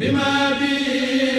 بما بي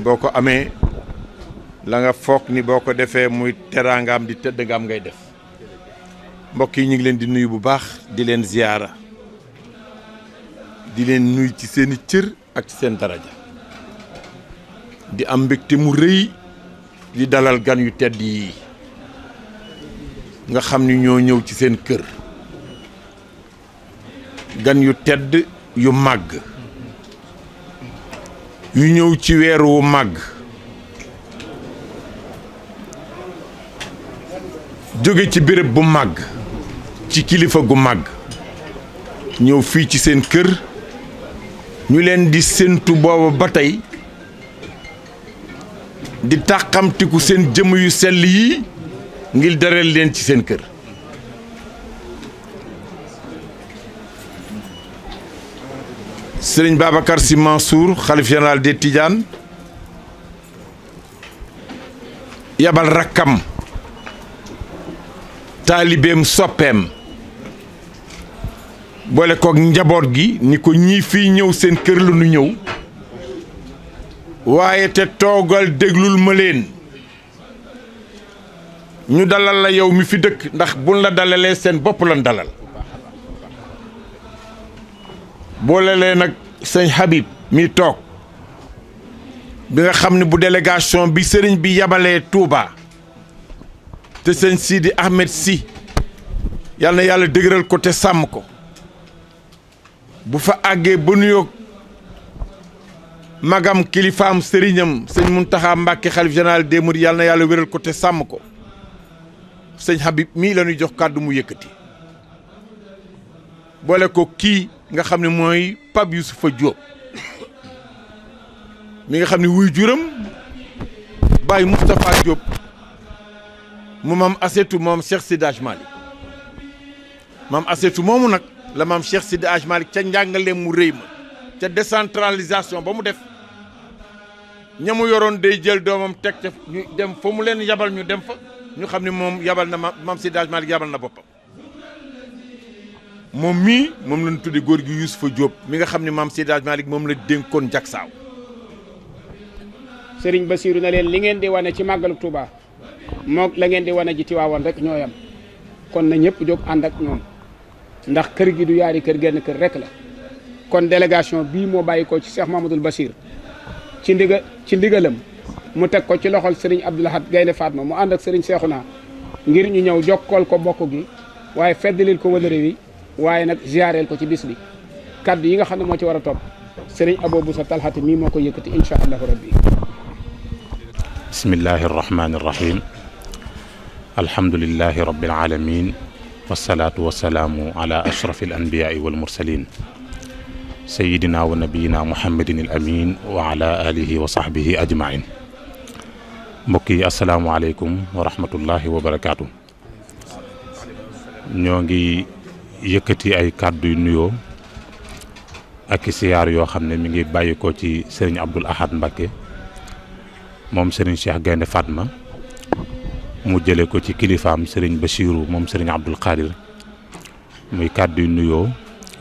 boo ko amee la nga foog ni boo ko defee muy teraangaam di tëdd nga am ngay def mbokk yi ñu ngi leen di nuyu bu baax di leen ziyaara di leen nuyu ci seeni cër ak ci seen daraja di am mbégte mu rëy di dalal gan yu tedd yi nga xam ni ñoo ñëw ci seen kër gan yu tedd yu màgg yu ñëw ci weer wu màgg jóge ci béréb bu màgg ci kilifa gu màgg ñëw fii ci seen kër ñu leen di séentu booba ba tey di tàkkamtiku seen jëm yu sell yi ngir daral leen ci seen kër sëriñ Babacar Sy Mansour xalif général des Tidianes yabal rakkam taalibeem soppeem boole kook njaboot gi ni ko ñii fii ñëw seen kër la ñëw waaye te toogal déglul ma leen ñu dalal la yow mi fi dëkk ndax buñ la dalalee seen bopp lan dalal sëñ Habib mi toog bi nga xam ne bu délégation bi sëriñ bi yabalee Touba te sëñ Sidi Ahmed si yàlla na yàlla dëgëral ko te sàmm ko bu fa àggee ba nuyoo magam kilifaam sëriñam sëñ Mountakha Mbacké xalif général des Mourides yal na yàlla wéral ko te sàmm ko sëñ Habib mii la jox kàddu mu yëkkati boole ko kii nga xam ne mooy Pape Youssoufa Diop mi nga xam ni wuy juram Baye Moustapha Diop mu maam asetu moom Cheikh Sidi Hadj moomu nag la maam Cheikh Sidi Hadj Malick ca njàngaleem mu rëy ma ca décentralisation ba mu def mu yoroon day jël doomam teg ca ñu dem fa mu leen yabal ñu dem fa ñu xam ne moom yabal na maam Sidi Hadj Malick yabal na boppam moom mii moom lañ tudde góor gi Youssoufa jóob mi nga xam ne maam Seydi Hadji moom la dénkoon jagsaaw sëriñ Bassirou na leen li ngeen di wane ci màggalu tubaa moog la ngeen di wane ji Tiwaawoon rek ñooyam kon na ñëpp jóg ànd ak ñoom ndax kër gi du yaari kër genn kër rek la kon délégation bii moo bàyyi ko ci Cheikh Mahamadoul Bassir ci ndiga ci ndigalam mu teg ko ci loxol Serigne Abdoul Ahad Gaynde Fatma mu ànd ak seexu naa ngir ñu ñëw jokkool ko bokk gi waaye feddalil ko wëlëre wi waaye nag ziareel ko ci bis bi kaddu yi nga xam ne moo ci war a topp sëriñ Abo Bousso Talxati mii moo ko yëkkati incha allahu rabbi bismillahi arrahmani arrahim alhamdulilahi rabbil alamin wasalaatu wasalaamu ala ashrafi al anbiyaai wal mursalin sayidina wa nabiyina muhammadin al amin wa ala alihi wa sahbihi ajmain mbokk yi yëkkati ay kàddu yu nuyoo ak i siyaar yoo xam ne mi ngi bàyyi ko ci sëriñ Abdoul Ahad Mbacké moom sëriñ Cheikh Gaynde Fatma mu jële ko ci kilifaam sëriñ Bachiru moom sëriñ Abdoul Khadir muy kàddu yu nuyoo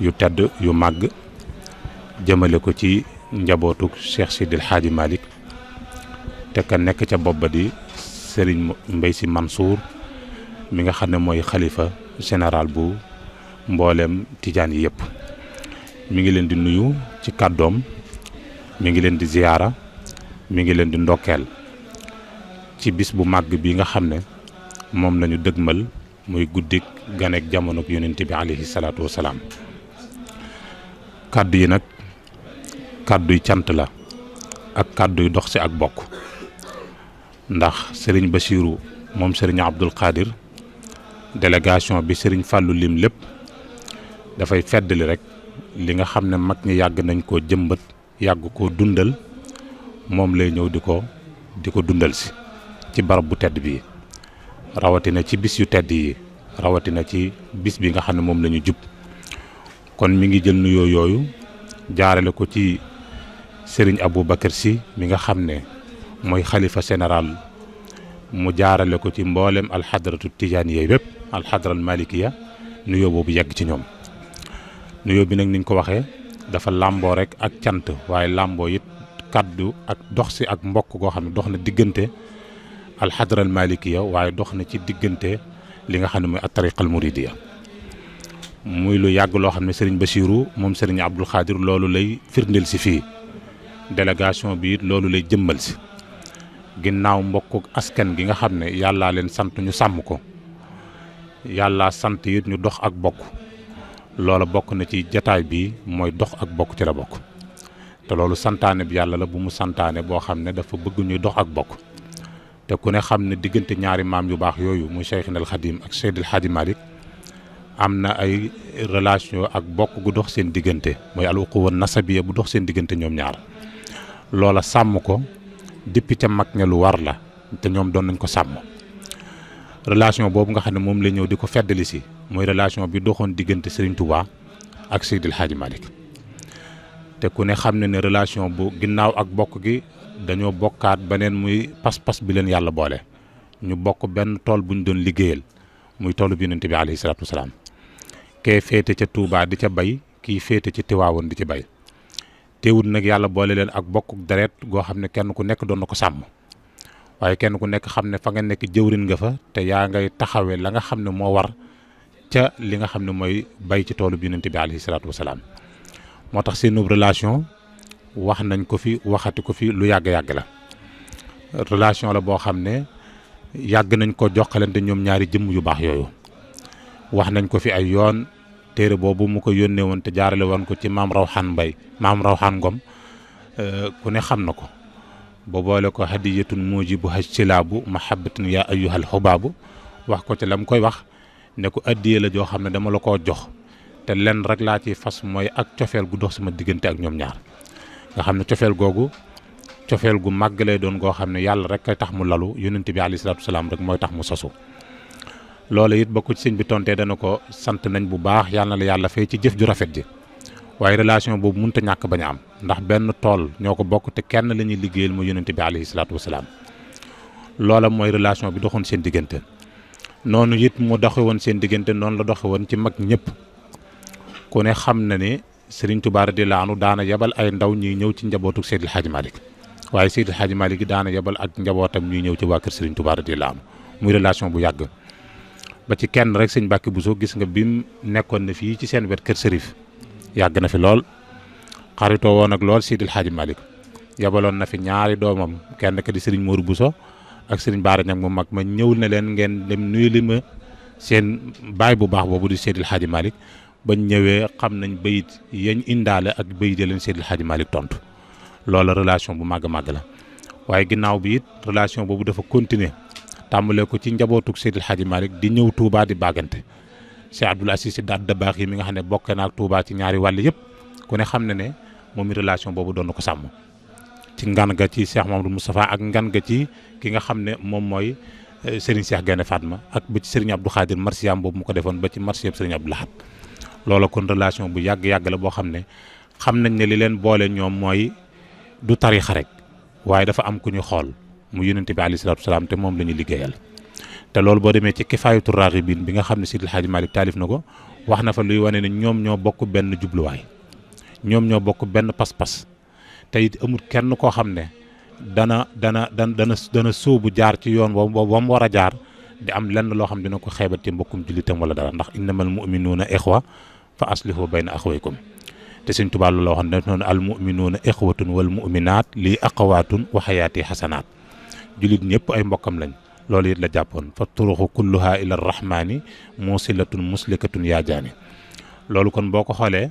yu tedd yu màgg jëmale ko ci njabootuk Cheikh Sidil Hadji Malick te ka nekk ca bopp ba di sëriñ Mbaye Sy Mansour mi nga xam ne mooy xalifa général bu mboolem tijaan yi yëpp mi ngi leen di nuyu ci kàddoom mi ngi leen di ziyaara mu ngi leen di ndokkeel ci bis bu màgg bi nga xam ne moom lañu dëgmal muy guddik ganeek jamono yonent bi aleyhi salaatu wasalaam kàddu yi nag kàdduy cant la ak kàdduy dox si ak bokk ndax sëriñ Basiiru moom sëriñ Abdul Xaadir délégation bi sëriñ Fàllu lim lépp dafay feddali rek li nga xam ne mag ñi yàgg nañ koo jëmbat yàgg koo dundal moom lay ñëw di ko di ko dundal si ci barab bu tedd bii rawatina ci bis yu tedd yi rawatina ci bis bi nga xam ne moom la jub kon mi ngi jël nuyoo yooyu jaarale ko ci Serigne Aboubacar Sy mi nga xam ne mooy xalifa général mu jaarale ko ci mboolem alxadratu tijaaniya yooyu bépp alxadral malikiya nuyoo boobu yegg ci ñoom. nuyoo bi nag niñ ko waxee dafa làmboo rek ak cant waaye làmboo it kàddu ak dox si ak mbokk goo xam ne dox na diggante alxadral malikiya waaye dox na ci diggante li nga xam ne mooy attariqal muridiya muy lu yàgg loo xam ne sëriñ Bachirou moom sëriñ Abdul Xaadir loolu lay firndeel si fii délégation bi loolu lay jëmmal si ginnaaw mbokk askan gi nga xam ne yàllaa leen sant ñu sàmm ko yàllaa sant it ñu dox ak bokk loola bokk na ci jataay bi mooy dox ak bokk ci la bokk te loolu santaane bi yàlla la bu mu santaane boo xam ne dafa bëgg ñuy dox ak bokk te ku ne xam ne diggante ñaari maam yu baax yooyu muy Cheikhoul Khadim ak Seydil Hadji Malick am na ay relation ak bokk gu dox seen diggante mooy al uquwa nasabiya bu dox seen diggante ñoom ñaar loola sàmm ko depuis ca mag ña lu war la te ñoom doon nañ ko sàmm relation boobu nga xam ne moom lay ñëw di ko feddali si mooy relation bi doxoon diggante Serigne Touba ak Seydil Hadji Malick te ku ne xam ne ne relation bu ginnaaw ak bokk gi dañoo bokkaat neen muy pas-pas bi leen yàlla boole ñu bokk benn tool bu ñu doon liggéeyal muy toolu bi yonent bi alayhi salaatu wasalaam féete ca Touba di ca bay kii féete ci Tiwaawoon di ci bay teewut nag yàlla boole leen ak bokk deret goo xam ne kenn ku nekk doon na ko sàmm waaye kenn ku nekk xam ne fa nga nekk jëwrin nga fa te yaa ngay taxawe la nga xam ne moo war ca li nga xam ne mooy bay ci toolu bi yonent bi alayhi salaatu wasalaam moo tax seen relation wax nañ ko fi waxati ko fi lu yàgg-yàgg la relation la boo xam ne yàgg nañ ko joxalante ñoom ñaari jëmm yu baax yooyu wax nañ ko fi ay yoon téere boobu mu ko yónnee woon te jaarale woon ko ci maam Rawxaan Mbay maam Rawxaan Ngom euh, ku ne xam na ko ba boole ko hadiyatun mujibu haj silaabu mahabbatun yaa ayyuhal xubaabu wax ko ci lam koy wax ne ko addiyee la joo xam ne dama la koo jox te lenn rek laa ci fas mooy ak cofeel gu dox sama diggante ak ñoom ñaar nga xam ne cofeel googu cofeel gu màgg lay doon goo xam ne yàlla rek a tax mu lalu yonent bi alayhi salaatu salaam rek mooy tax mu sosu loolu it ba ko sëñ bi tontee dana ko sant nañ bu baax yàlla la yàlla fay ci jëf ju rafet ji waaye relation boobu mun te ñàkk bañ a am ndax benn tool ñoo ko bokk te kenn la ñuy liggéeyal mooy yonent bi alayhi salaatu wasalaam loola mooy relation bi doxoon seen diggante noonu it mu doxe woon seen diggante noonu la doxe woon ci mag ñëpp ku ne xam na ne Serigne Touba radiyallaahu anhu daana yabal ay ndaw ñuy ñëw ci njabootu Seydil Hadj Malick waaye Seydil Hadj Malick daana yabal ak njabootam ñuy ñëw ci waa kër Serigne Touba radiyallaahu anhu muy relation bu yàgg ba ci kenn rek sëñ bu so gis nga bim nekkoon na fii ci seen wet kër Serif yàgg na fi lool xaritoo woon ak lool Seydil Hadj Malick yabaloon na fi ñaari doomam kenn ka di Serigne Mourou ak sëriñ Baara Ñaŋ mu mag ma ñëw ne leen ngeen dem nuyu li ma seen baay bu baax boobu di Seydil Hadji Malick bañ ñëwee xam nañ bayit yañ indaale ak bayit ya leen Seydil Hadji Malick tontu loola relation bu màgg màgg la waaye ginnaaw bi it relation boobu dafa continuer tàmbalee ko ci njabootug Seydil Hadji Malick di ñëw Touba di bàggante Cheikh Abdoul Aziz Sy Dabakh baax yi mi nga xam ne bokkee naa ak Touba ci ñaari wàll yëpp ku ne xam na ne moom i relation boobu doon na ko sàmm ci ngan ga ci Cheikh Mamadou Moustapha ak ngan ga ci ki nga xam ne moom mooy eh, Serigne Cheikh Gaynde Fatma ak ba ci Serigne Abdou Khadir marsiyaam boobu mu ko defoon ba ci marsiyaam Serigne ab Lahad loola kon relation bu yàgg-yàgg la boo xam ne xam nañ ne li leen boole ñoom mooy du tarixa rek waaye dafa am ku ñu xool mu yonente bi alayhi salaam te moom la ñu liggéeyal te loolu boo demee ci kifaayatu raaxibiin bi nga xam ne Sidil Hadji Malick taalif na ko wax na fa luy wane ne ñoom ñoo bokk benn jubluwaay tey amul kenn koo xam ne dana dana dana dana dana sóobu jaar ci yoon boobu ba mu war a jaar di am lenn loo xam dina ko xeebat ci mbokkum jullitam wala dara ndax innamal muminuuna ixwa fa aslihu bayna axwaykum te Sëñ Tuubaa loolu waxoon def noonu al muminuuna ixwatun wal muminaat lii aqawaatun wa xayaati xasanaat jullit ñëpp ay mbokkam lañ loolu it la jàppoon fa turuxu kulluha ila rahmaani musilatun muslikatun yaajaani loolu kon boo ko xoolee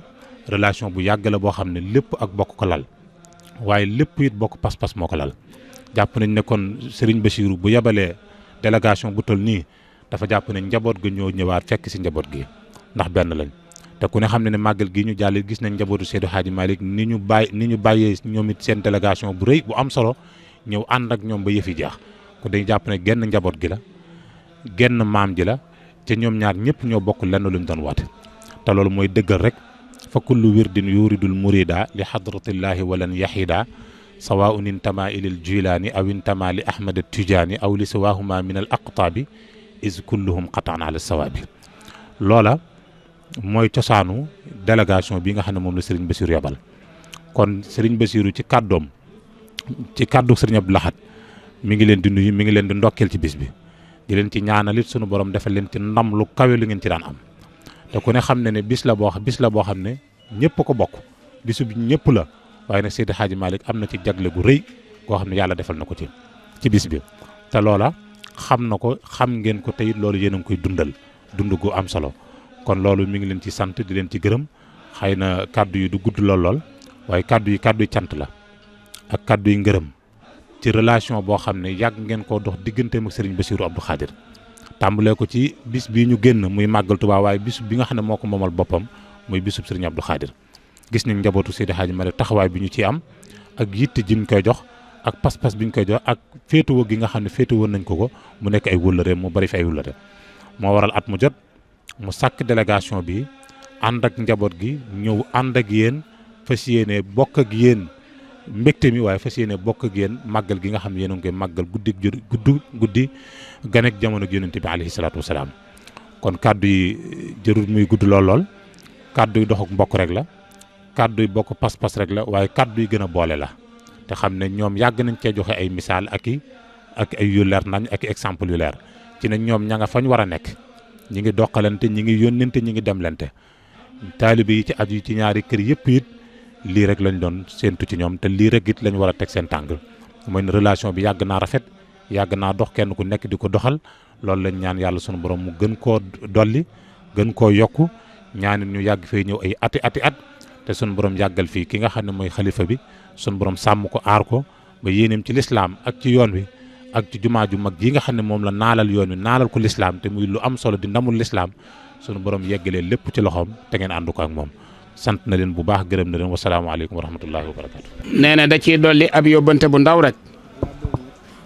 relation bu yàgg la boo xam ne lépp ak bokk ko lal waaye lépp it bokk pas-pas moo ko lal jàpp nañ ne kon ba Bassirou bu yebalee délégation bu toll nii dafa jàpp nañ njaboot gi ñoo ñëwaat fekk si njaboot gi ndax benn lañ te ku ne xam ne ne màggal gi ñu jàll gis nañ njabootu Seydou Hadji Malick ni ñu bàyyi ni ñu bàyyee ñoom it seen délégation bu rëy bu am solo ñëw ànd ak ñoom ba yëf yi jeex kon dañu jàpp ne genn njaboot gi la genn maam ji la te ñoom ñaar ñëpp ñoo bokk lenn luñ doon woote te loolu mooy dëggal rek fa kullu wirdin yuridul murida li xadratillaahi walan yaxida sawaun intama ilil jilaani aw intama li ahmad tijaani aw li siwaahuma min al aqtaabi is kulluhum qataan ala sawaabi loola mooy cosaanu delegation bi nga xam ne moom la Serigne Bassirou yabal kon Serigne Bassirou ci kàddoom ci kàddu Serigne Abdou Lahad ngi leen di nuyu mu ngi leen di ndokkeel ci bis bi di leen ci ñaanalit sunu borom defal leen ci ndam lu kawe lu ngeen ci daan am te ku ne xam na ne bis la boo bis la boo xam ne ñëpp ko bokk bisu bi ñëpp la waaye nag Seydi Hadji Malick am na ci jagle gu rëy goo xam ne yàlla defal na ko ci ci bis bi te loola xam na ko xam ngeen ko teyit loolu yéen a ngi koy dundal dund gu am solo kon loolu mu ngi leen ci sant di leen ci gërëm xëy na kàddu yi du gudd lool lool waaye kàddu yi kàddu yi cant la ak kàddu yi ngërëm ci relation boo xam ne yàgg ngeen koo dox digganteem ak Serigne Bassirou Abdou Khadir tàmbalee ko ci bis bii ñu génn muy màggal Tuubaa waaye bis bi nga xam ne moo ko moomal boppam muy bisub Sëriñ Abdou Khadir gis nañ njabootu Seydi Hadji Malick taxawaay bi ñu ci am ak yitte ji koy jox ak pas-pas bi ñu koy jox ak féetewoo gi nga xam ne féetewoo nañ ko ko mu nekk ay wëllëre mu bari fi ay wëllëre moo waral at mu jot mu sàkk délégation bi ànd ak njaboot gi ñëw ànd ak yéen fas yéene bokk ak yéen mbégte mi waaye fas yéene bokk ak yéen màggal gi nga xam ne yéen a koy màggal guddi gudd guddi ganek jamono ak yonente bi alayhi salaatu wasalaam kon kàddu yi jërul muy gudd lool lool kàddu yi dox mbokk rek la kàddu yi bokk pas-pas rek la waaye kàddu yi gën a boole la te xam ne ñoom yàgg nañ cee joxe ay misaal ak i ak ay yu leer nañ ak exemple yu leer ci ne ñoom ña nga fañ war a nekk ñi ngi doqalante ñi ngi yónnante ñi ngi demlante taalibe yi ci aju ci ñaari kër yëpp it lii rek lañu doon séentu ci ñoom te lii rek it lañ war a teg seen tàng mooy ne relation bi yàgg naa rafet yàgg naa dox kenn ku nekk di ko doxal loolu lañ ñaan yàlla sunu borom mu gën koo dolli gën koo yokku ñaanit ñu yàgg fee ñëw ay ati ati at te sunu borom yàggal fii ki nga xam ne mooy xalifa bi sunu borom sàmm ko aar ko ba yéeneem ci lislaam ak ci yoon wi ak ci jumaa ju mag yi nga xam ne moom la naalal yoon wi naalal ko lislaam te muy lu am solo di ndamul lislaam sunu borom yeggalee lépp ci loxoom te àndu ko ak moom sant na bu baax gërëm na leen wasalaamaaleykum wa nee na da ciy dolli ab yóbbante bu ndaw rek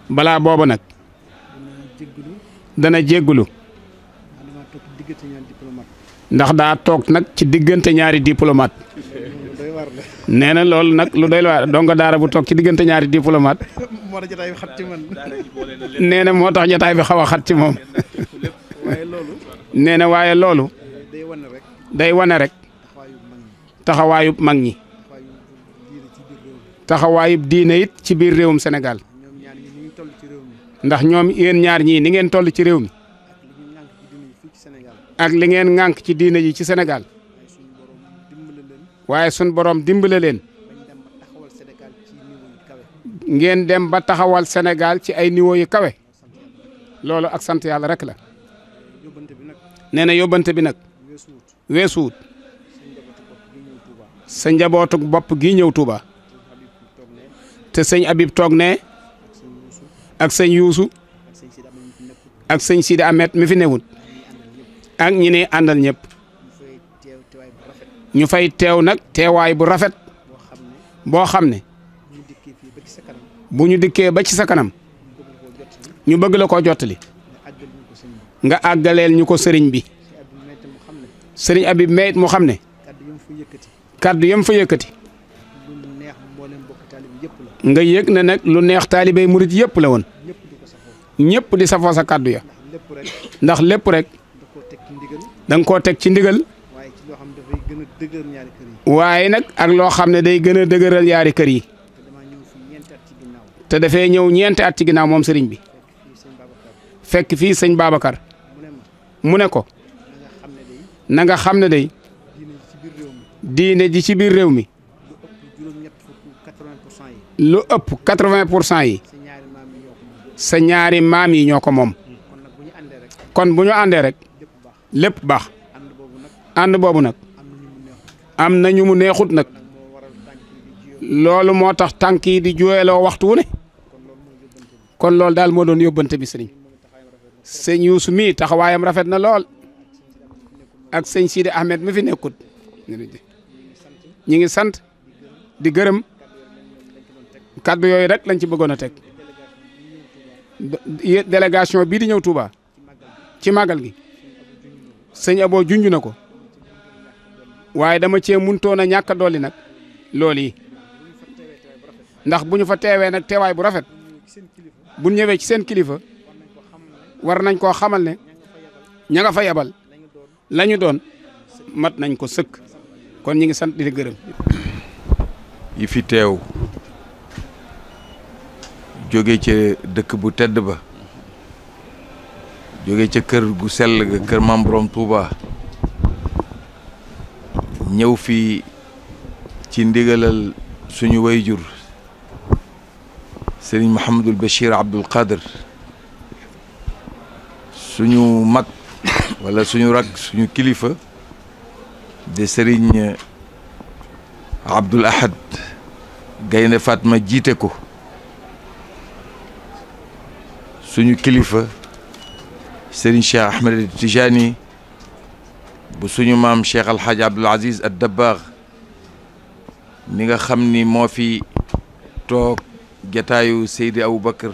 balaa booba nag dana jéggulu ndax daa toog nag ci diggante ñaari diplomate nee na loolu nag lu doy waar dong daara bu toog ci diggante ñaari diplomate nee na moo tax jotaay bi xaw a xat ci moom nee na waaye loolu day wane rek. taxawaayub mag ñi taxawaayub diine it ci biir réewum Sénégal ndax ñoom yéen ñaar ñii ni ngeen toll ci réew mi ak li ngeen ŋànk ci diina yi ci Sénégal waaye sun boroom dimbale leen ngeen dem ba taxawal senegaal ci ay niwo yu kawe loolu ak sant yàlla rek la nee na yóbbante bi nag weesuwut sa njabootuk bopp gi ñëw Touba te sëñ Habib toog ne ak sëñ Youssou ak sëñ Sidi Ahmed mi fi newut ak ñi ne àndal ñëpp ñu fay teew nag teewaay bu rafet boo xam ne bu ñu dikkee ba ci sa kanam ñu bëgg la koo jottali nga àggaleel ñu ko sëriñ bi sëriñ Habib Meyit mu xam ne kàddu yam fa yëkkati nga yëg na nag lu neex taalibey murit yëpp la woon ñëpp di safoo sa kàddu ya ndax lépp rek da nga koo teg ci ndigal waaye nag ak loo xam ne day gën a dëgëral yaari kër yi te dafay ñëw ñeenti at ci ginnaaw moom sëriñ bi fekk fii sëñ Babacar mu ne ko na xam ne day diine ji ci biir réew mi lu ëpp quatre-vingt pour cent yi sa ñaari maam yi ñoo ko moom kon bu ñu àndee rek lépp baax ànd boobu nag am na ñu mu neexut nag loolu moo tax tànk yi di juweeloo waxtu wu ne kon loolu daal moo doon yóbbante bi sëriñ sëñ Yuusu mii taxawaayam rafet na lool ak sëñ Sidi Ahmed mi fi nekkut. ñi ngi sant di gërëm kàddu yooyu rek lañ ci bëggoon a teg délégation bii di ñëw Touba ci màggal gi sëñ Abo junj na ko waaye dama cee muntoon a ñàkk a dolli nag loolu yi ndax bu ñu fa teewee nag teewaay bu rafet bu ñëwee ci seen kilifa war nañ koo xamal ne ña nga fa yabal la doon mat nañ ko sëkk. kon ñu ngi sant di la gërëm. yi fi teew jóge ca dëkk bu tedd ba jóge ca kër gu sell ga kër Maam Borom ñëw fi ci ndigalal suñu wayjur sëriñ Mouhamadul Bachir Abdoul Khader suñu mag walla suñu rak suñu kilifa de Serigne Abdoul Ahad Gaynde Fatma jiite ko suñu kilifa Serigne Cheikh Ahmed Tijani bu suñu maam Cheikh Al Hadj Abdoul Aziz Ad Dabbar mi nga xam ni moo fi toog jataayu Seydi Aboubacar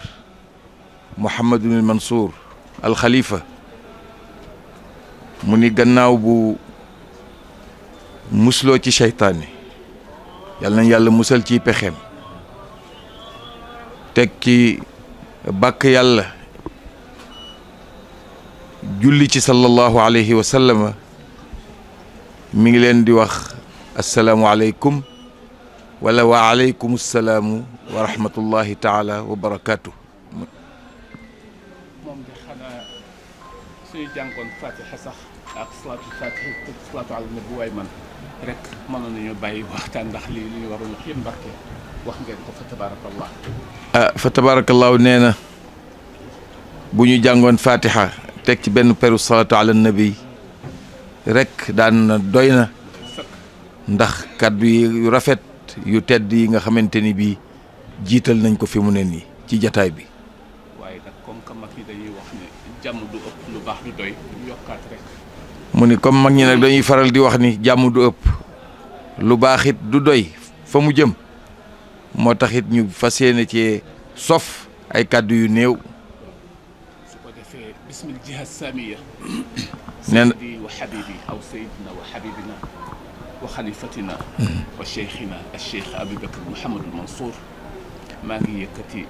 Mouhamadul Mansour Al Khalifa mu ni gannaaw bu. musloo ci seytaane yal na yàlla musal ci pexeem teg ci bàkk yàlla julli ci sallallahu alayhi wa sallam ngi leen di wax asalaamualeykum wala wa aleykum salaamu wa rahmatullahi wa barakaatu. rek mënoon nañu bàyyi waxtaan wax yëpp mbarke fa tabaarakallah ah, nee na bu ñu jàngoon fatiha teg ci benn peru salatu ala nabi rekk daan doy na ndax kàddu yu rafet yu tedd yi nga xamante ni bii jiital nañ ko fi mu ne nii ci jataay bi waaye nag comme que mag yi dañuy wax ne jàmm du ëpp lu baax du doy mu ni comme mag ñi nag dañuy faral di wax ni jàmm du ëpp lu baax it du doy fa mu jëm moo taxit ñu fas yéene ci sof ay kàddu yu néew nee na wa xalifatina wa cheikhina al cheikh Aboubacar maa ngi yëkkati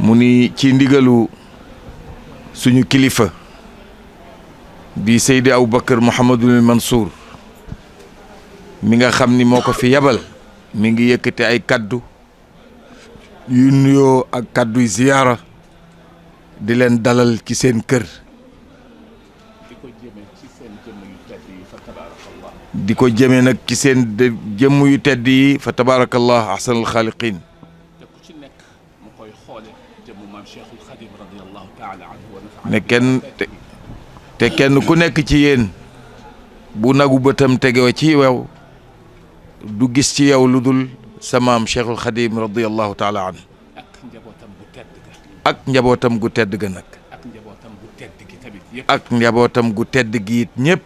mu ni ci ndigalu suñu kilifa bi Seydi Aboubacar Mouhamadul Mansour mi nga xam ni moo ko fi yabal mi ngi yëkkati ay kàddu yu nuyoo ak kadduy ziyaara di leen dalal ci seen kër di ko jëme nag ci seen jëmm yu tedd yi fa tabaarakallah ahsanal xaaliqiin ne kenn te kenn ku nekk ci yéen bu nagu bëtam tegoo ci wew du gis ci yow lu dul sa maam Cheikhul Xadim radiyallahu taala an ak njabootam gu tedd nag ak njabootam gu tedd gi it ñëpp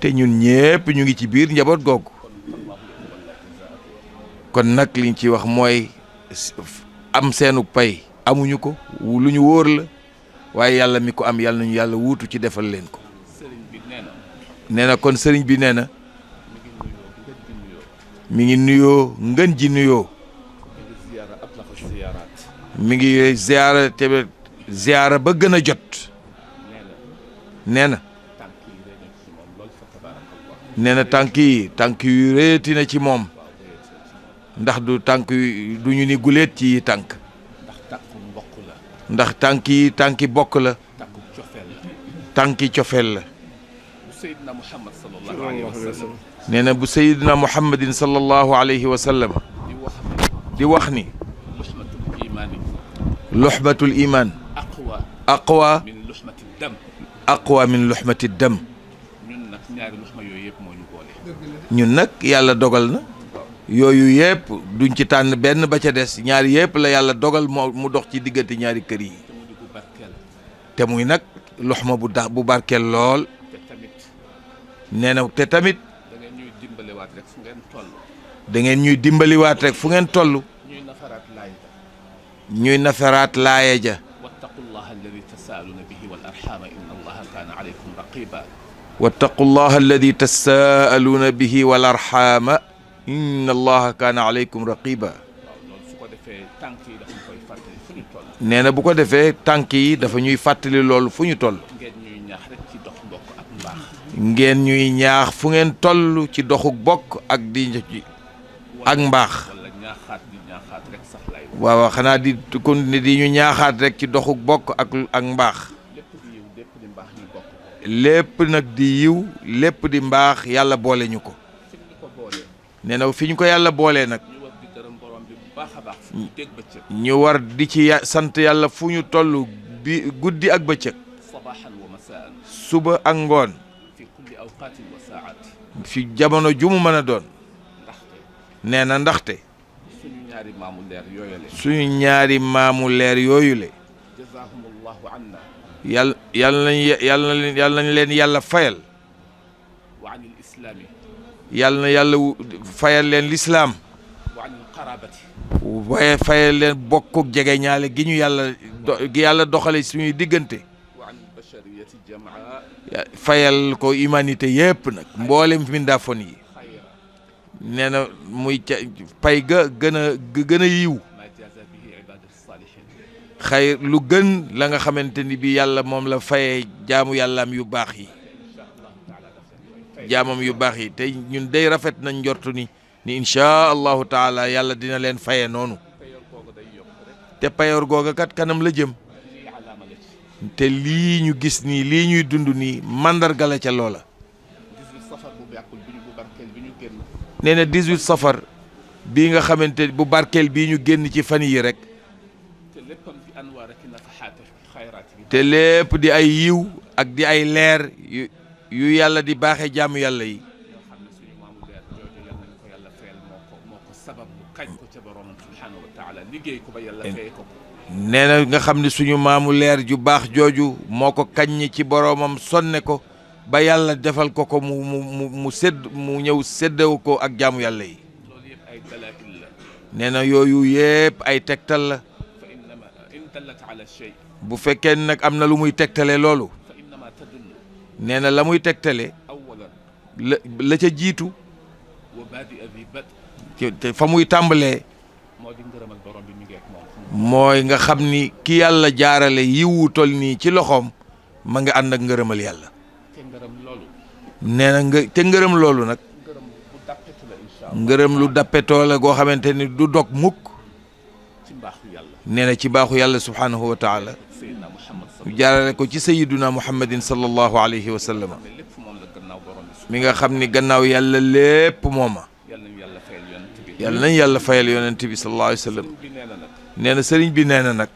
te ñun ñëpp ñu ngi ci biir njaboot googu kon nag liñ ci wax mooy am seenu pay amuñu ko lu ñu wóor la waaye yàlla mi ko am yàlla nañu yàlla wuutu ci defal leen ko nee na kon sëriñ bi nee na mi ngi nuyoo ngën ji nuyoo mi ngi ziyaara te ba gën a jot nee na nee na tànk yi tànk yu réeti na ci moom ndax du tànk du ñu ni guleet ci tànk ndax tànk yi tànki bokk la tànki cofeel la nee na bu sayidina muhammadin sallallahu alayhi wa sallam di wax ni luxmatul imaan aqwa aqwa min luxmati dam ñun nag yàlla dogal na yooyu yëpp duñ ci tànn benn ba ca des ñaari yëpp la yàlla dogal moo mu dox ci diggante ñaari kër yi te muy nag loxma bu da bu barkeel lool nee na te tamit da ngeen ñuy dimbaliwaat rek fu ngeen toll ñuy dimbaliwaat rek fu ngeen toll ñuy nafaraat laaya ja ñuy nafaraat laaya ja wattaqullaha alladi tasaaluna bihi wal arxama inna allaha kaana alaykum raqiba wattaqullaha alladi tasaaluna bihi wal arxama inna allaha kaana aleykum raqiba nee na bu ko defee tànk yi dafa ñuy fàttali loolu fu ñu toll ngeen ñuy ñaax fu ngeen toll ci doxuk bokk ak di ak mbaax waaw xanaa di continuer di ñu ñaaxaat rek ci doxuk bokk ak ak mbaax lépp nag di yiw lépp di mbaax yàlla boole ñu ko nee na fi ñu ko yàlla boolee nag ñu war di ci sant yàlla fu ñu toll bi guddi ak bëccëg suba ak ngoon fi jamono ju mu mën a doon nee na ndaxte suñu ñaari maamu leer yooyu le yàlla yàlla nañ yàlla nañ leen yàlla fayal yàlla na yàlla fayal leen lislaam waaye fayal leen bokk ak jege ñaale gi yàlla yàlla doxale suñuy diggante fayal ko humanité yëpp nag mboolem mbindaafoon yi nee na muy ca pay ga gën a gën a yiw xay lu gën la nga xamante ni bi yàlla moom la fayee jaamu yàllaam yu baax yi jaamam yu baax yi tey ñun day rafet nañ njortu ni ni incha allahu taala yàlla dina leen faye noonu te payoor googa kat kanam la jëm te lii ñu gis nii lii ñuy dund nii màndarga la ca loola. nee na 18 safar bi nga xamante bu barkeel bii ñu génn ci fan yi rek te lépp di ay yiw ak di ay leer yu yàlla di baaxe jaamu yàlla yi nee na nga xam ne suñu maamu leer ju baax jooju moo ko kaññ ci boroomam sonne ko ba yàlla defal ko ko mu mu mu mu ñëw séddewu ko ak jaamu yàlla yi nee na yooyu yëpp ay tegtal la bu fekkee nag am na lu muy tegtale loolu nee na la muy tegtale la la ca jiitu fa muy tàmbalee mooy nga xam ni ki yàlla jaarale yiwu tol nii ci loxoom ma ngi ànd ak ngërëmal yàlla nee na nga te ngërëm loolu nag ngërëm lu dappetoo la goo xamante ni du dog mukk nee na ci baaxu yàlla subhaanahu wa taala ñu jaarale ko ci sayiduna muhammadin sallallahu alayhi wa sallam mi nga xam ni gannaaw yàlla lépp mooma yàlla nañ yàlla fayal yonent bi sallallahu alayhi wa sallam nee na sëriñ bi nee na nag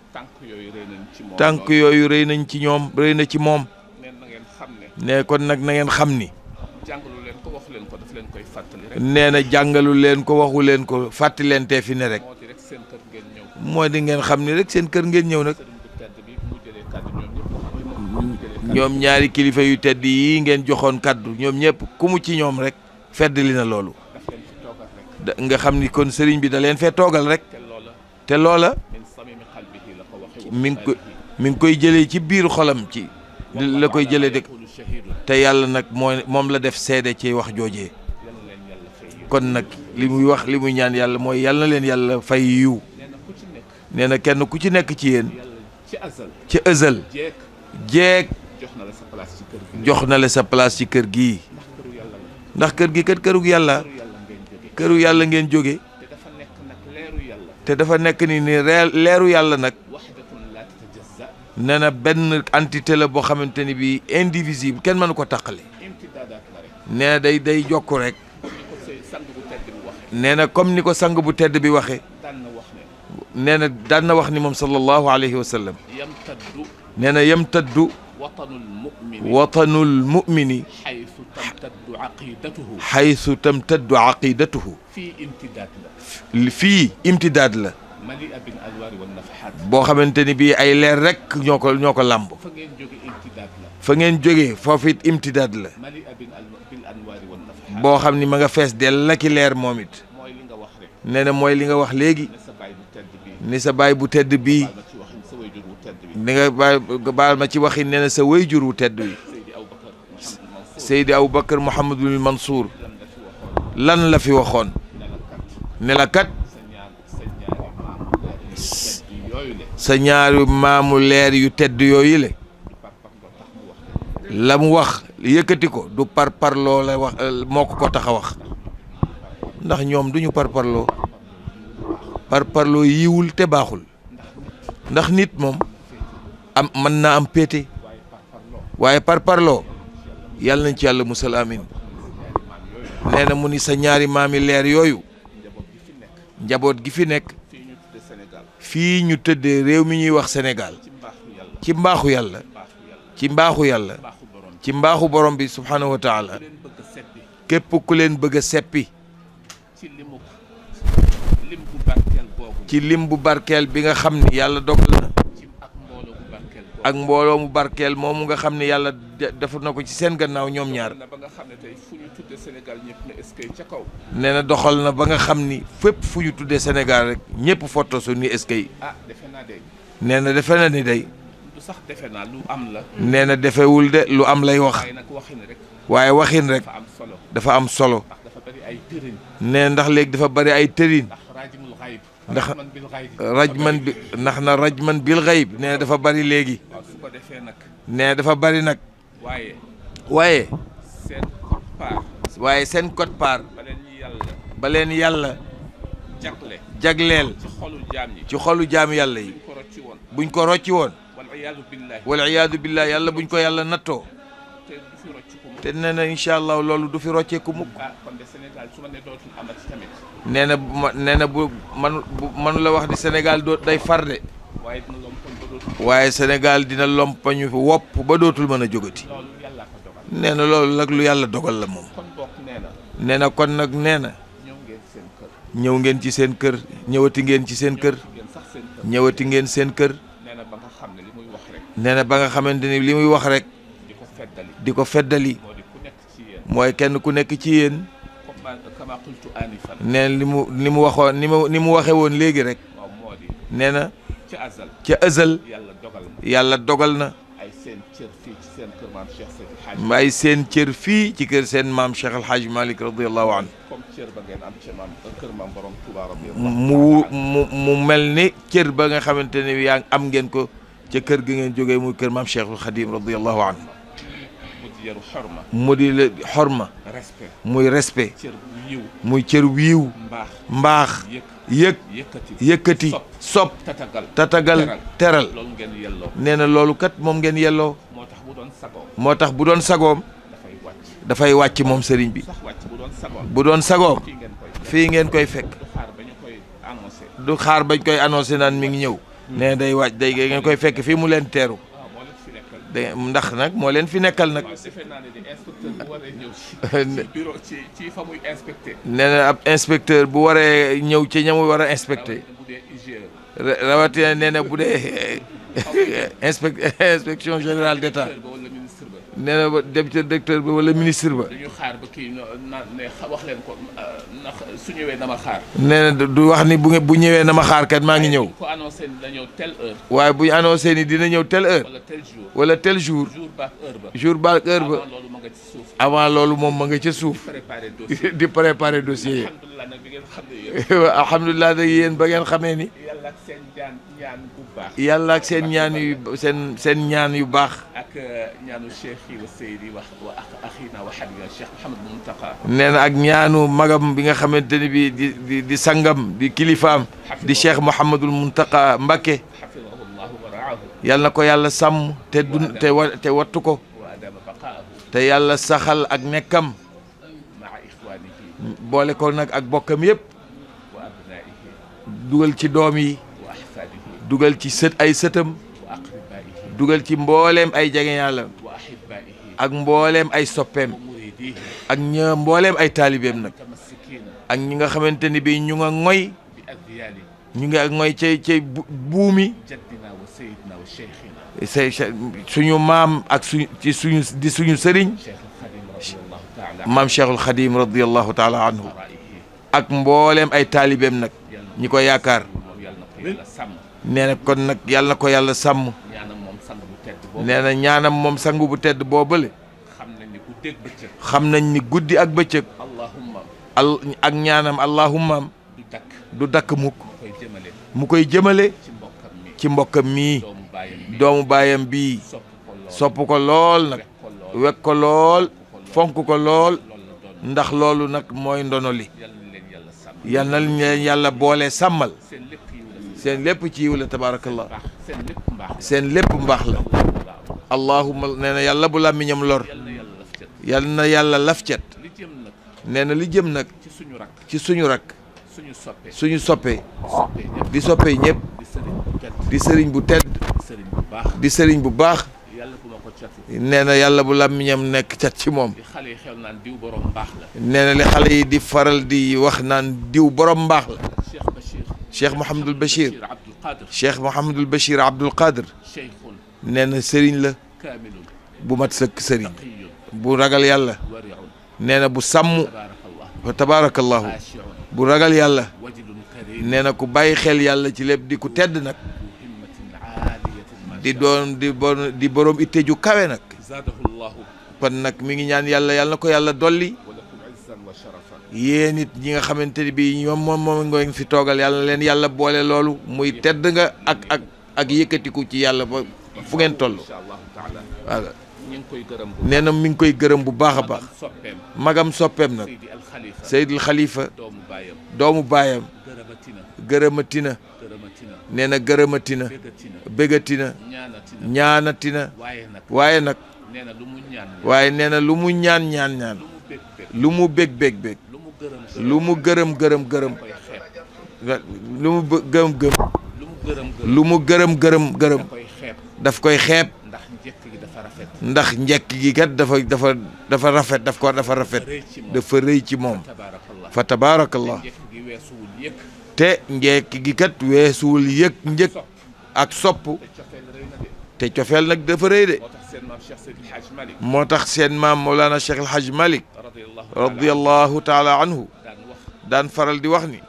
tànk yooyu rëy nañ ci ñoom rëy na ci moom nee kon nag na ngeen xam ni nee na jàngalu leen ko waxu leen ko fàttali leen fi ne rek moo di ngeen xam ni rek seen kër ngeen ñëw nag ñoom ñaari kilifa yu tedd yi ngeen joxoon kàddu ñoom ñëpp ku mu ci ñoom rek feddali na loolu nga xam ni kon sëriñ bi da leen fee toogal rek te loola mi ngi ko mi ngi koy jëlee ci biir xolam ci la koy jëlee de te yàlla nag moo moom la def seede ci wax jooje kon nag li muy wax li muy ñaan yàlla mooy yàlla leen yàlla fay yiw nee na kenn ku ci nekk ci yéen ci ëzal jeek jox na la sa place ci kër gi ndax kër gi kat këru yàlla këru yàlla ngeen jóge te dafa nekk ni ni leeru yàlla nag nee na benn entité boo xamante ni bi indivisible kenn mënu ko taqale nee day day jokk rek nee na comme ni ko sang bu tedd bi waxe nee na daan na wax ni moom sallallahu alayhi wa sallam nee watanul mumini xaysu tamtaddu aqidatuhu fii imtidaad la boo xamante ni bii ay leer rekk ñoo ko ñoo ko làmb fa ngeen jóge foofu it imtidaad la boo xam ni ma nga fees dell la i leer moom it nee na mooy li nga wax léegi ni sa baay bu tedd bii ni nga baal ma ci waxi nee na sa wayjur wu tedd wi Seydi Aboubacar Mouhamadul Mansour lan la fi waxoon ne kat sa ñaari maamu leer yu tedd yooyu le la mu wax yëkkati ko du par parloo la wax moo ko ko tax a wax ndax ñoom duñu par parloo par parloo yiwul te baaxul ndax nit moom am mën naa am péete waaye par parloo yàlla nañ ci yàlla musal amin nee mu ni sa ñaari maami leer yooyu njaboot gi fi nekk fii ñu tëddee réew mi ñuy wax senegal ci mbaaxu yàlla ci mbaaxu yàlla ci mbaaxu borom bi subhaanahu wa képp ku leen bëgg a seppi ci lim bu barkeel bi nga xam ni yàlla dogal ak mbooloo mu barkeel mu nga xam ne yàlla def na ko ci seen gannaaw ñoom ñaar. ba nga xam Sénégal ñëpp ce que ca kaw. nee na doxal na ba nga xam ni fépp fu ñu tuddee Sénégal rek ñëpp foto su ni est-ce ah defe naa de. nee na defe na ni day. du sax defe naa lu am la. nee na defewul de lu am lay wax. waaye nag waxin rek. waaye waxin rek. dafa am solo. dafa am solo. ndax dafa ay ndax léegi dafa bari ay tëriñ. ndax rajman bi ndax na rajman bil xayb nee dafa bari léegi ne dafa bari nag waaye waaye seen code part waaye seen code part ba leen yàlla jagle jagleel ci xolu jaam yàlla yi buñ ko rocci woon wal iyaadu billah yàlla buñ ko yàlla nattoo te nee na incha allah loolu du fi rocceeku mukk. ah kon de ne dootul nee na bu ma nee na bu man man la wax ni Sénégal doot day far de. waaye dina lompoñ ba dootul. waaye Sénégal dina lompoñu wopp ba dootul mën a jógati. loolu nee na loolu nag lu yàlla dogal la moom. kon nee na. nee na kon nag nee na. ñëw ngeen seen ñëw ngeen ci seen kër. ñëwati ngeen ci seen kër. ñëwati ngeen seen kër. nee na ba nga xam ne li muy wax rek. nee na ba nga xamante ni li muy wax rek. di ko feddali di ko feddali. mooy kenn ku nekk ci yéen neen li mu li mu waxoon ni mu ni mu waxe woon léegi rek nee na ca azal yàlla dogal na ay seen cër fii ci kër seen maam Cheikh El Hadj Malick radiyallahu anhu mu mu mu mel ni cër ba nga xamante ne yaa am ngeen ko ca kër gi ngeen jógee muy kër maam Cheikhul Khadim radiyallahu anhu yaru xorma. mu di la xorma. respect muy respe cër wiiw muy cër wiiw. mbaax mbaax. yëg yëkkati yëkkati. sopp tatagal tatagal teral. loolu ngeen yelloo. nee na loolu kat moom ngeen yelloo. moo tax bu doon sagoom. moo tax bu doon sagoom. dafay wàcc dafay moom sëriñ bi. bu doon sagoom bu doon sagoom. fii ngeen koy fekk. du xaar bañ koy annoncé naan mi ngi ñëw. Hmm. nee day wàcc day ngeen koy fekk fii mu leen teeru. de ndax nag moo leen fi nekkal nag. nee na ab inspecteur bu waree ñëw ci ñamu war a inspecté. rawatina nee na bu dee inspec inspection générale d' nee na ba dem ca directeur ba wala ministre ba. duñu xaar ba kii wax leen ko ndax su ñëwee dama xaar. nee na du wax ni bu bu ñëwee dama xaar kat maa ngi ñëw. waaye bu annoncé ni dina ñëw telle heure. bu ñu annoncé ni dina ñëw telle heure. wala tel jour wala tel jour. jour ba heure ba. jour ba heure ba. avant loolu moom ma nga ca suuf. di préparer dossier yi. alhamdulilah nag bi ngeen yéen. ba ngeen xamee ni. yàlla ak seen jaan. baax seen ñaan yu seen ñaan yu baax. ak euh, ñaanu cheikh yi wa seydi wa axina wa xabiba cheikh Mouhamed Mountakha. nee na ak ñaanu magam bi nga xamante ni bii di di sangam di kilifaam. di cheikh Mouhamadul Mountakha Mbacké. yàlla na ko yàlla sàmm te du te wa te ko. te yàlla saxal ak nekkam. boole ko nag ak bokkam yëpp. dugal ci doom dugal ci sët ay sëtam dugal ci mbooleem ay jege yàlla ak mbooleem ay soppeem ak ña mbooleem ay taalibeem nag ak ñi nga xamante ni bi ñu nga ngoy ñu ngi ak ngoy cay cay buumi say suñu maam ak suñu ci suñu di suñu sëriñ maam cheikhul xadim radiallahu taala anhu ak mbooleem ay taalibeem nag ñi ko yaakaar nee na kon nag yàlla na ko yàlla sàmm. moom sang nee na ñaanam moom sangu bu tedd boobale. xam nañ ni xam nañ ni guddi ak bëccëg. allahumma al ak ñaanam allahumma du dakk du dakk mukk. mu koy jëmale. mu koy jëmale. ci mbokkam mii ci doomu baayam bii. sopp ko lool nag. wekk ko lool. fonk ko lool. ndax loolu nag mooy ndono li. yal na leen yàlla boole sàmmal. seen lépp ci yiw la tabaarakallah seen lépp mbaax la allahuma nee na yàlla bu làmmiñam lor yal na yàlla laf cet nee na li jëm nag ci suñu rakk suñu soppee di soppee ñëpp di sëriñ bu tedd di sëriñ bu baax nee na yàlla bu làmmiñam nekk cat ci moom nee na li xale yi di faral di wax naan diw borom mbaax la cheikh Mouhamadul Bachir cheikh Mouhamadul Bachir Abdoul Qadir nee na sëriñ la bu mat sëkk sëriñ bu ragal yàlla nee na bu sàmm fa tabaarakallahu bu ragal yàlla nee na ku bàyyi xel yàlla ci lépp di ku tedd nag di doon di bon di borom itte ju kawe nag kon nag mi ngi ñaan yàlla yàlla na ko yàlla dolli. yéen nit ñi nga xamante ni bii ñoom moom moom ngeen si toogal yàlla leen yàlla boole loolu muy tedd nga ak ak ak yëkkatiku ci yàlla ba fu ngeen toll. voilà nee na mi ngi koy gërëm bu baax a baax. magam soppeem nag Seydil xalifa doomu baayam gërëmatina nee na gërëmatina bégatina ñaanatina waaye nag waaye nee na lu mu ñaan ñaan ñaan lu mu bég bég bég lu mu gërëm gërëm gërëm lu mu gërëm gërëm gërëm gërëm daf koy xeeb ndax njekk gi kat dafa dafa dafa rafet daf ko dafa rafet dafa rëy ci moom fa tabaarakallah te njekk gi kat weesuwul yëg njëkk ak sopp te cofeel nag dafa rëy de moo tax seen maam Mawlana Cheikh El Hadj Malick radiyallahu taala anhu daan faral di wax ni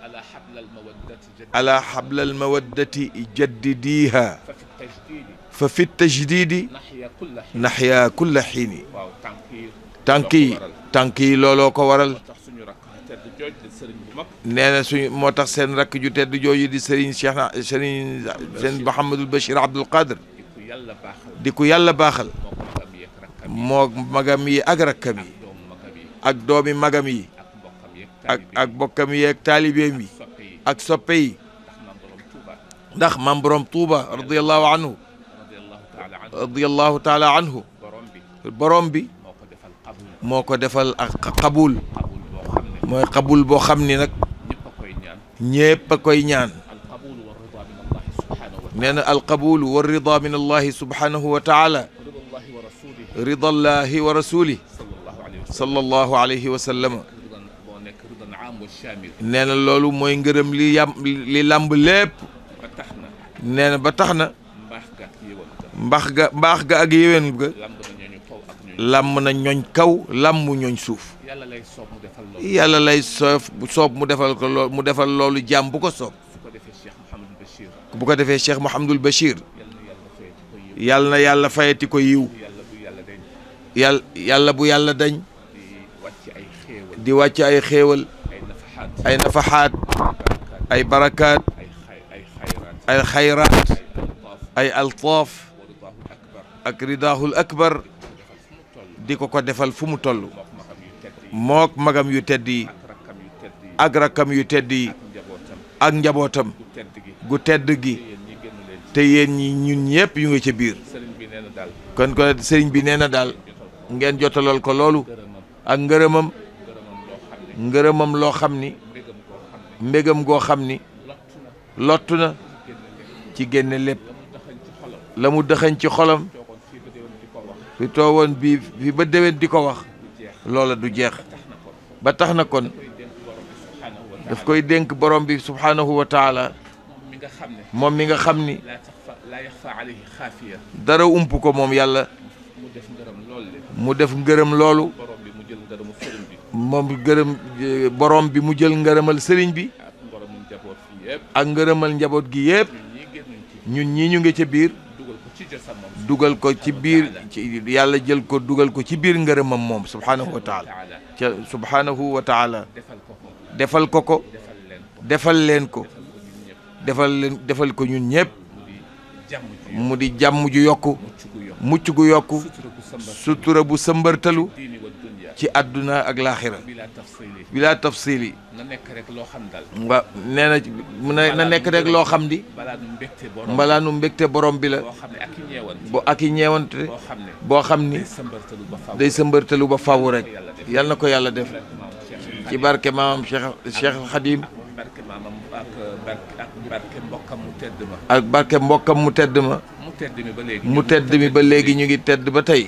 ala xablal mawaddati jaddidiiha fa fi tajdiidi naxyaa kulla xiini tànk yi tànk yi looloo ko waral nee na suñu moo tax seen rakk ju tedd jooju di Serigne Cheikh na Serigne seen Mouhamadul Bachir Abdoul Qadir di ku yàlla baaxal moog magam yi ak rakkam yi ak doomi magam yi ak ak bokkam yi ak taalibeem yi ak soppe yi ndax maam borom Touba radiyallahu anhu radiyallahu taala anhu borom bi moo ko defal ak xabul mooy xabul boo xam ni nag ñépp a koy ñaan nee na alqabulu wa rida min allahi subhanahu wa taala rida allahi wa rasulih sallallahu alayhi wa sallam nee na loolu mooy ngërëm li yam li làmb lépp na ba tax na mbax ga mbaax ga ak yéwén ga làmb na ñooñ kaw làmb ñooñ suuf yàlla lay soob mu defal ko lool mu defal loolu jàmm bu ko soob bu ko defee Cheikh Mouhamadul Bachir yàlla na yàlla fayati ko yiw yàlla yàlla bu yàlla dañ di wàcc ay xéewal ay nafaxaat ay barakaat ay xayraat ay altaaf ak ridaahul akbar di ko ko defal fu mu toll mook magam yu tedd yi ak rakkam yu tedd yi ak njabootam gu tedd gi te yéen ñi ñun ñëpp yu ngi ci biir kon ko sëriñ bi nee na daal ngeen jotalool ko loolu ak ngërëmam ngërëmam loo xam ni mbégam goo xam ni lottu na ci génne lépp la mu dëxañ ci xolam fi toowoon bii fi ba déwén di ko wax loola du jeex ba tax na kon daf koy dénk borom bi subhaanahu wa taala moom mi nga xam ni dara ump ko moom yàlla mu def ngërëm loolu moom gërëm borom bi mu jël ngërëmal sëriñ bi ak ngërëmal njaboot gi yëpp ñun ñii ñu ngi ca biir dugal ko ci biir ci yàlla jël ko dugal ko ci biir ngërëmam moom subhaanahu wa taala ca subhaanahu wa taala defal ko ko defal leen ko defal leen defal ko ñun ñëpp mu di jàmm ju yokk mucc gu yokku sutura bu sëmbartalu ci àdduna ak laaxira bilaa tafsili na nekk rek loo xam daal waaw nee na mu ne na nekk rek loo xam ni mbalaa nu mbégte borom bi la boo ak i ñeewante boo xam ni day sëmbërtalu ba faw rek yal na ko yàlla def ci barke maamam Cheikh Cheikh Khadim ak barke mbokkam mu tedd ma mu tedd mi ba léegi ñu ngi tedd ba tey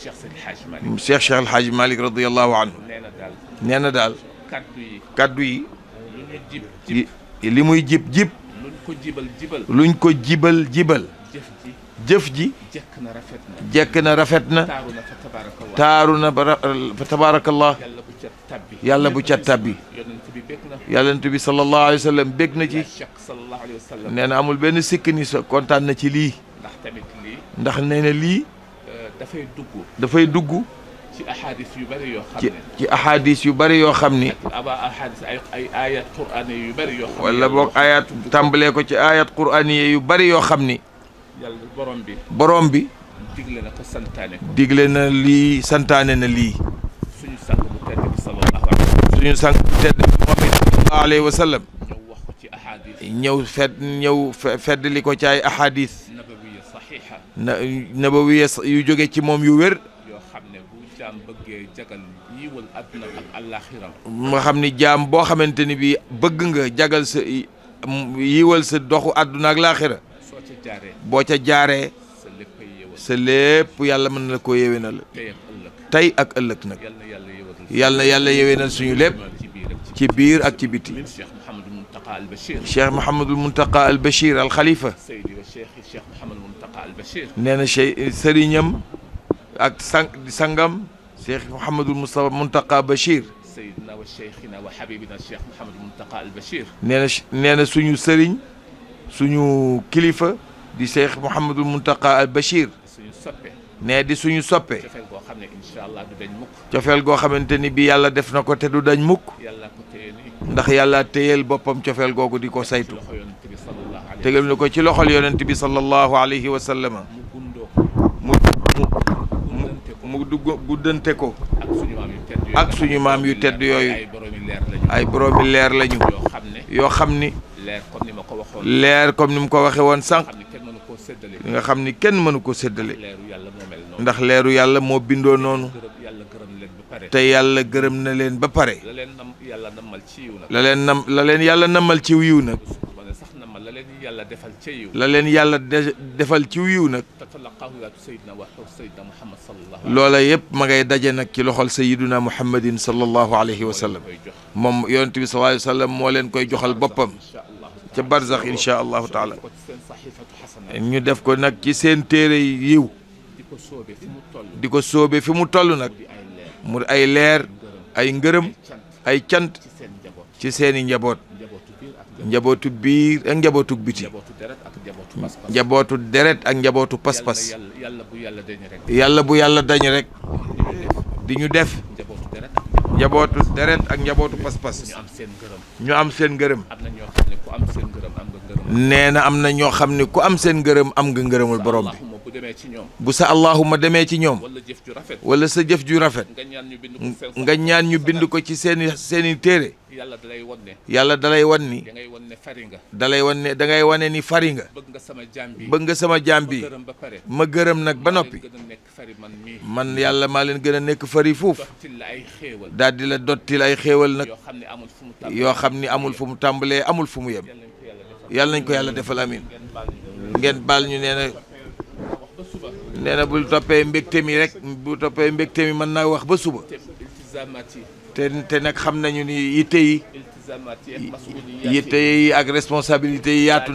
Cheikh Seydi Hadj Malick Cheikh Cheikh El Hadj Malick radiyallahu anhu nee na daal nee na daal kaddu yi kaddu yi li muy jib jib luñ ko jibal jibal luñ ko jibal jibal jëf ji jëf ji jekk na rafet na jekk na rafet na taaru na fa tabaarakallah yàlla bu ca tabbi yonent bi sallallahu alayhi wa sallam bég na ci nee na amul benn sikk ni sa kontaan na ci lii ndax nee na lii dafay dugg. dafay dugg. ci axadis yu bëri yoo xam ne ci axadis yu bëri yoo xam ni. aba axadis ay ay ayat qur'ani yu bëri yoo. xam ne wala boog ayat tàmbalee ko ci ayat qur'ani yu bëri yoo xam ni. yàlla borom bi. borom bi. digle na ko santaane ko. digle na lii santaane na lii. suñu sang bu tedd bi sallallahu alayhi wa sallam. suñu sang bu tedd bi moom it sallallahu alayhi wa sallam. ñëw wax ko ci axadis. ñëw fed ñëw feddli ko ci ay axadis. na na yu joge ci moom yu wér. yoo xam ne bu jaam bëggee jagal xam ni jaam boo xamante ni bii bëgg nga jagal sa yiwal sa doxu àdduna ak laaxira soo ca jaaree boo ca jaaree. sa lépp yàlla mën na koo yéwénal tey ak ëllëg nag yàlla na yàlla yéwénal suñu lépp ci biir ak ci biti Cheikh Mouhamadul Muntaqa al Bachir Al Khalifa nee na Cheikh eh, sëriñam ak sang sangam Cheikh Mouhamadul Moustapha Muntaqa Bachir. nee na nee na suñu sëriñ suñu kilifa di Cheikh Mouhamadul Muntaqa al Bachir. nee di suñu soppe. cofeel goo xam ne incha allah du dañ goo xamante ni bi yàlla def na ko te du dañ mukk. ndax yàlla téyel boppam cofeel googu di ko saytu. tegal na ko ci loxol yonent bi sallallahu alayhi wa sallama mu mu mu dugg guddante ko ak suñu maam yu tedd yooyu ay boroomi leer lañu yoo xam ni leer comme ni mu ko waxe woon sànq li nga xam ni kenn mënu ko séddale ndax leeru yàlla moo bindoo noonu te yàlla gërëm na leen ba pare la leen nam la leen yàlla namal ci yiw nag yàlla defal ci la leen yàlla defal ci yiw nag loola yëpp ma ngay daje nag ci loxol sayyiduna muhammadin sallallahu alayhi wa sallam moom yonent bi sallallahu alayhi wa sallam moo leen koy joxal boppam ca barzax incha allahu taala ñu def ko nag ci seen téere yiw di ko soobe fi mu toll nag mu ay leer ay ngërëm ay cant ci seeni njaboot njabootu biir ak njabootu biti. njabootu deret ak njabootu pas-pas. yàlla bu yàlla dañ rek. yàlla bu yàlla dañ rek. di ñu def. njabootu deret ak njabootu pas-pas. ñu am seen ngërëm. ñu am seen ngërëm. nee na am na ñoo xam ne ku am seen ngërëm am nga ngërëmul borom bi. bu demee ci ñoom. bu sa allahuma demee ci ñoom. wala jëf ju rafet. wala sa jëf ju rafet. nga ñaan ñu bind ko nga ñaan ñu bind ko ci seen seeni téere. yàlla dalay wan ne. yàlla dalay wan ni. da ngay wan ne fari nga. dalay wan ne da wane ni fari nga. bëgg nga sama jaam bi nga sama jaam bi. ma gërëm nag ba noppi. man yàlla maa leen gën a nekk fari foofu. daal di la dottil ay xéewal nag. yoo xam ni amul fu mu tàmbalee amul fu mu yem. yàlla nañ ko yàlla defal amin ngeen baal ñu nee nee na bu toppee mbégte mi rek bu toppee mbégte mi mën naa wax ba suba. te te nag xam nañu ni tey yi. yitte yi ak responsabilité yi yaatu na.